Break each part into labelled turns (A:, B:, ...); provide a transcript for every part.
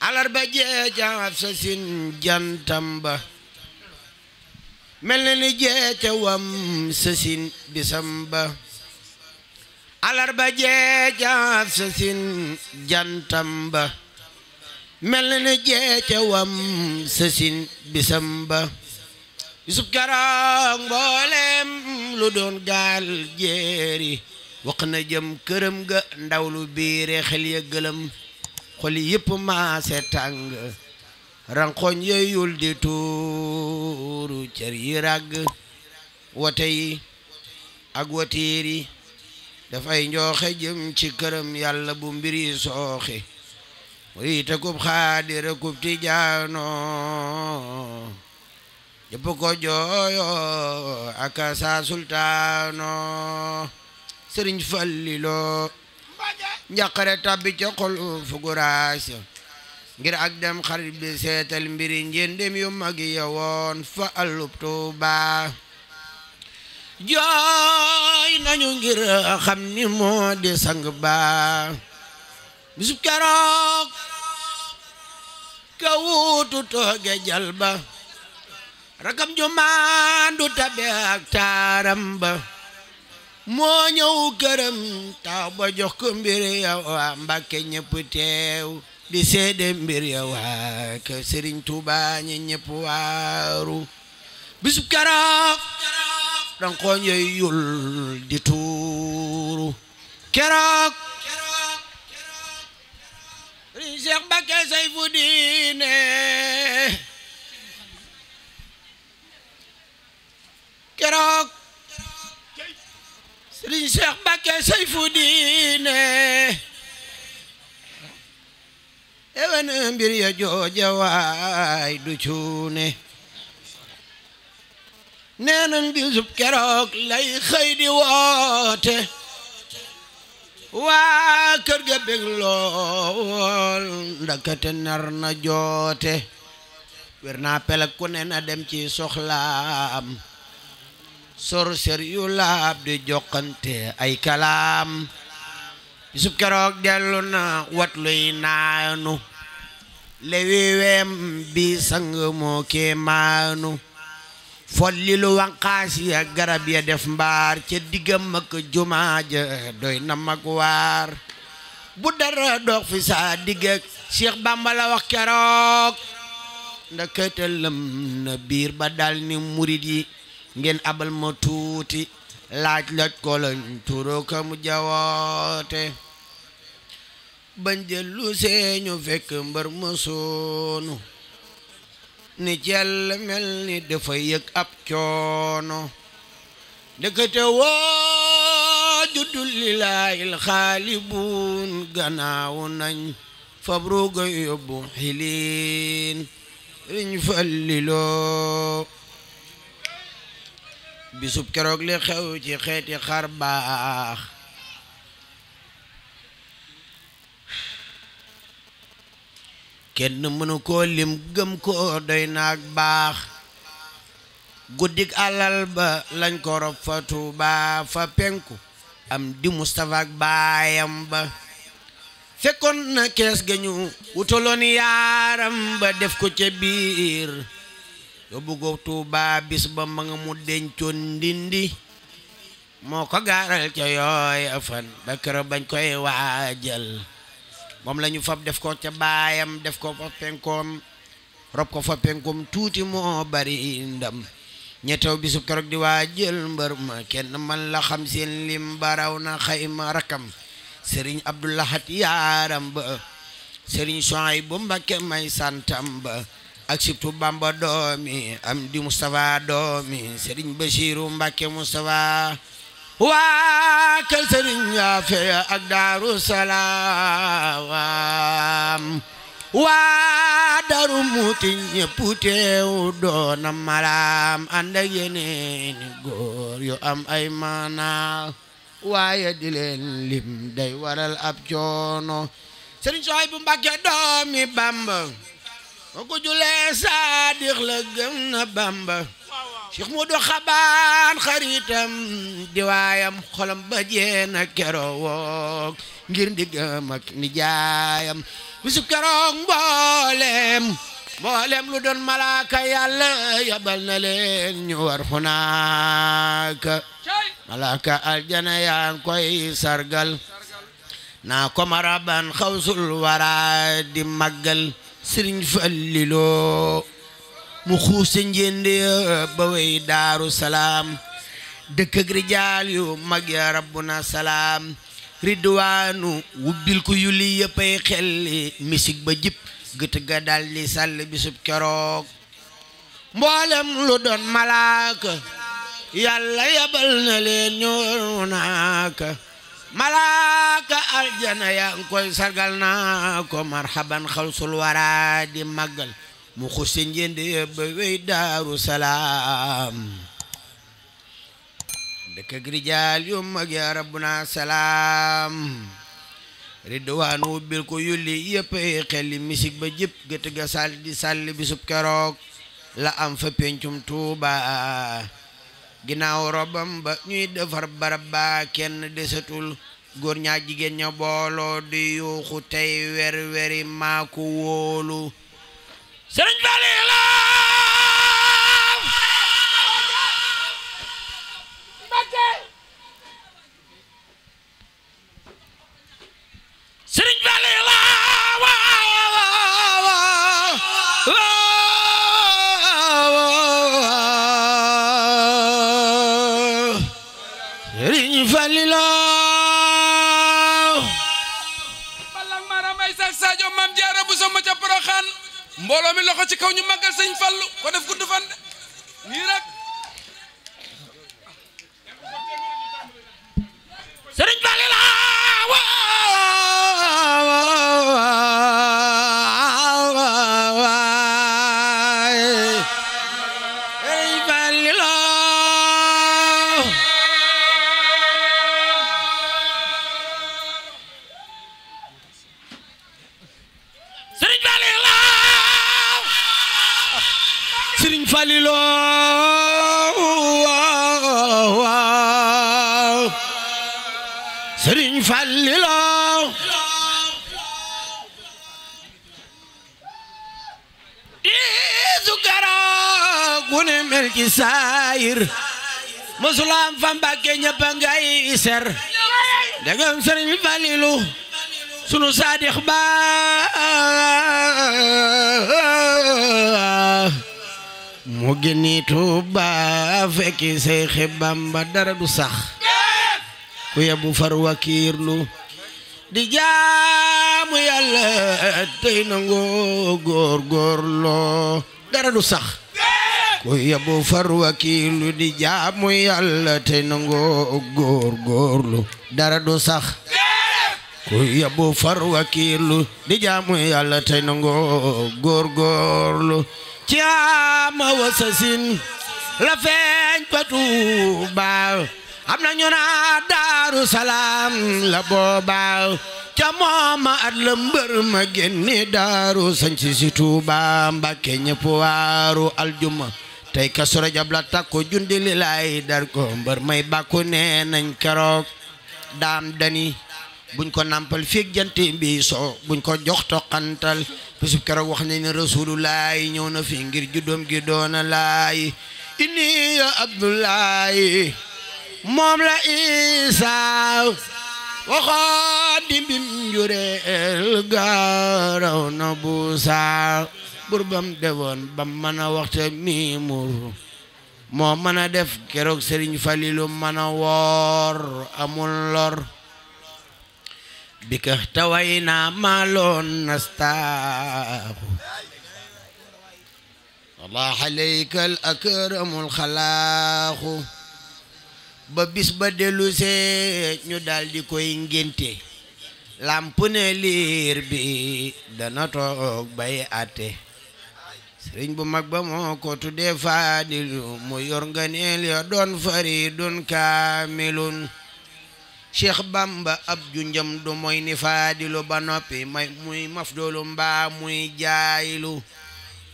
A: alarba jee ca sa sin jantam ba mel na ni jee ca wam sa sin bisam ba alarba jee ca sa sin jantam ba mel na ni jee ca wam sa sin bisam ba yusuf keroog mboolem lu doon gaal jeeri wax na jëm këram ga ndaw lu biire xel ya gëlëm xol yëpp maase tàng rankoñ yeyul di tuuru cër yi ràgg wote ak wotiir yi njooxe jëm ci këram yàlla bu mbir yi sooxe murite kub xaadira kub tijaano jëpp ko jooyo aka saa sultaano sëriñ falliloo njaqare tabbi ca xol fuguraas ngir ak dem xarit bi seetal mbiri njëndem yu mag ya fa alub Tuuba jooy nañu ngir xam ni moo di sang ba bisub keroog ka wuutu tooge jal ba ju maandu tabe ak taaram ba moo ñëw këram taw ba jox ko mbir ya waa Mbàkke ñëpp teew di seede mbir waa kër Sëriñ Tuubaa ñi waaru bisub keroog dankooñ yooyu yul di tuuru keroog Sëriñ Seex Mbàkke Sayfuddin sëriñ Cheikh Mbacké sayfu diine ewen mbir ya jooje waay du cuune nee nañ bisub keroog lay xëy di woote waa kër ga bég lool ndakate nar na joote wér naa pelek ku ne na dem ci soxlaam sorser yu laab di jokkante ay kalaam bisub keroog dellu na wat luy naanu lewiweem bi sang moo kee maanu folli ya garab ya def mbaar ca diggam ak jumaa doy na mag waar bu dara dox fi saa digg ak Cheikh wax keroog ndakatalëm na biir ba dal ni murit yi ngeen abal ma tuuti laaj laaj ko turo ka mu jawoote bañ jëllu seeñu fekk mbër ma soonu ni jell mel ni dafa yëg ab coono ndekete woo juddu lilaayil xaalibuun ganaawu nañ fabruga yóbbu xiliin riñ falliloo bisub keroog li xew ci xeeti xar baax kenn mënu koo lim gëm koo doy naag baax guddik alal ba lañ ko rob fa fa penku am di Mustafa baayam ba fekkoon na kees ga wutaloon yaaram ba def ko ca biir yóbbu ko Tuuba bis ba ma mu dencoon ndindi moo ko gaaral ca yooya fan ba kër bañ koy waajal moom lañu fab def ko ca baayam def ko fa penkoom rob ko fa penkoom tuuti moo bari ndam ñettew bisub keroog di waajal mbër ma kenn man la xam seen lim baraw na xayma rakam sëriñ Abdou Lahat ba sëriñ Suhaybu Mbakke may santam ba ak sibtu bamba doomi am di moustapha doomi sëriñ basiru mbàkke moustapha waa kër sëriñ yaafe ak daaru salaam waa daru muuti ñëpp malaam ànd ak yeneen góor am ay maana waaye di lim day waral ab coono sëriñ Suhaybu Mbàkke doomi bamba kooku julee saadix la gëm na bamba Cheikh Modou Xabaan xaritam di waayam xolam ba jeena keroog ngir ndiggam nijaayam bisu keroog mboolem mboolem lu doon malaaka yàlla yabal na leen ñu war hunaaka malaaka aljana yaa koy sargal naa ko maraban xawsul wara di màggal sëriñ falliloo mu xuuse njéende ba wey daaru salaam dëkk ak yu mag ya rabbuna salaam ridwaanu wubbil ko yulli yëppay xelli misik ba jip gët ga daldi sàll bisub keroog mboolem lu doon malaaka yàlla yabal na leen ñoo naaka aljana yaa ngi sargal naa ko marhaban xawsul wara di màggal mu xusi njënd ba wey daaru salaam dëkk ak rijaal yu mag rabbuna salaam ridwaan wubbil ko yulli yëpp ay xelli misik ba jëpp gët ga sàll di sàll bisub keroog la am fa pencum tuuba ginnaaw robam ba ñuy defar barab ba kenn desatul góor ñaa jigéen ña booloo di yuuxu tey wer weri maa ko wóolu sëriñ Baye Saal Sadio maam jaara bu sama ca Poroxaan mbooloo mi loxo ci kaw ñu màggal Fallu ko def gudd fan nii rek
B: sëriñ Fallu la
A: saayir musulaam fa mbàkke ñëpp a ngay ser degam sëriñ Falilu sunu saadix ba mu gënitu ba fekki say xibam ba dara du sax ku yebu far wakiirlu di jaamu yàlla tey nangoo góor góorloo dara du sax ku yebu far wakiirlu di jaamu yàlla tey nangoo góor góorlu dara di jaamu yàlla tey nangoo góor caama wasasin la feeñ patu baal am na ñu naa daaru salaam la boobaa ca mooma at la mbër ma génni daaru sañ si si ñëpp waaru aljuma tey Kazu Rajab la takku jundi ko mbër may bàkku nee nañ keroog daam dani buñ ko nampal fiig jant bi buñ ko jox toqantal bisub keroog wax nañ ne rasulullaay ñëw na fi ngir juddoom gi doona laay inni ya abdullahi moom la isaa waxoon di bim jureel gaaraw na buusaa burbam dewoon bam mën a waxta mi mur moo mën a def keroog sëriñ falilu mën a woor amul lor bi ka taway naa maaloon nastaaxu allah alayka al akramul ba bis ba dellusee ñu daldi koy ngénte làmp ne liir bi dana toog bay àtte sëriñ bu mag ba moo ko tuddee faadilu mu yor nganeel ya doon faridun kaamilun cheikh bamba ab ju njëm du moy ni faadilu ba noppi may muy maf doolu mbaa muy jaayilu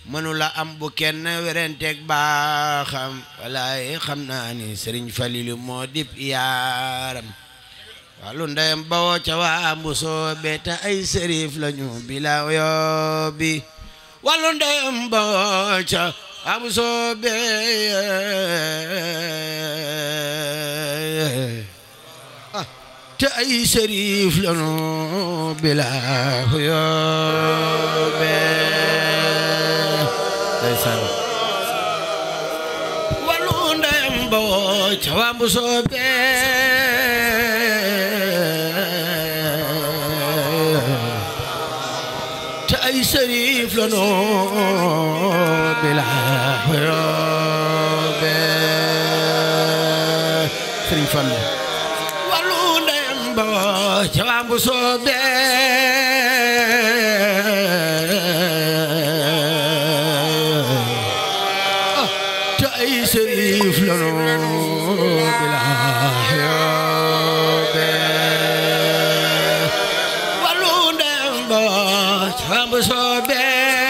A: mënula am bu kenn werenteeg baaxam walaay xam naa ni sëriñ falilu moo dib yaaram wàllu ndeyam bawoo ca waa bu soobee ay sërif lañu bila yoobi wàllu ndeyam bawoo ca waa bu soobee
B: ah, te ay sërif lañu bila yoobi ndeysaan ca ay sëriif la noo bilaahi roobe Sëriñ Fall walu ndeyam ba woo soobe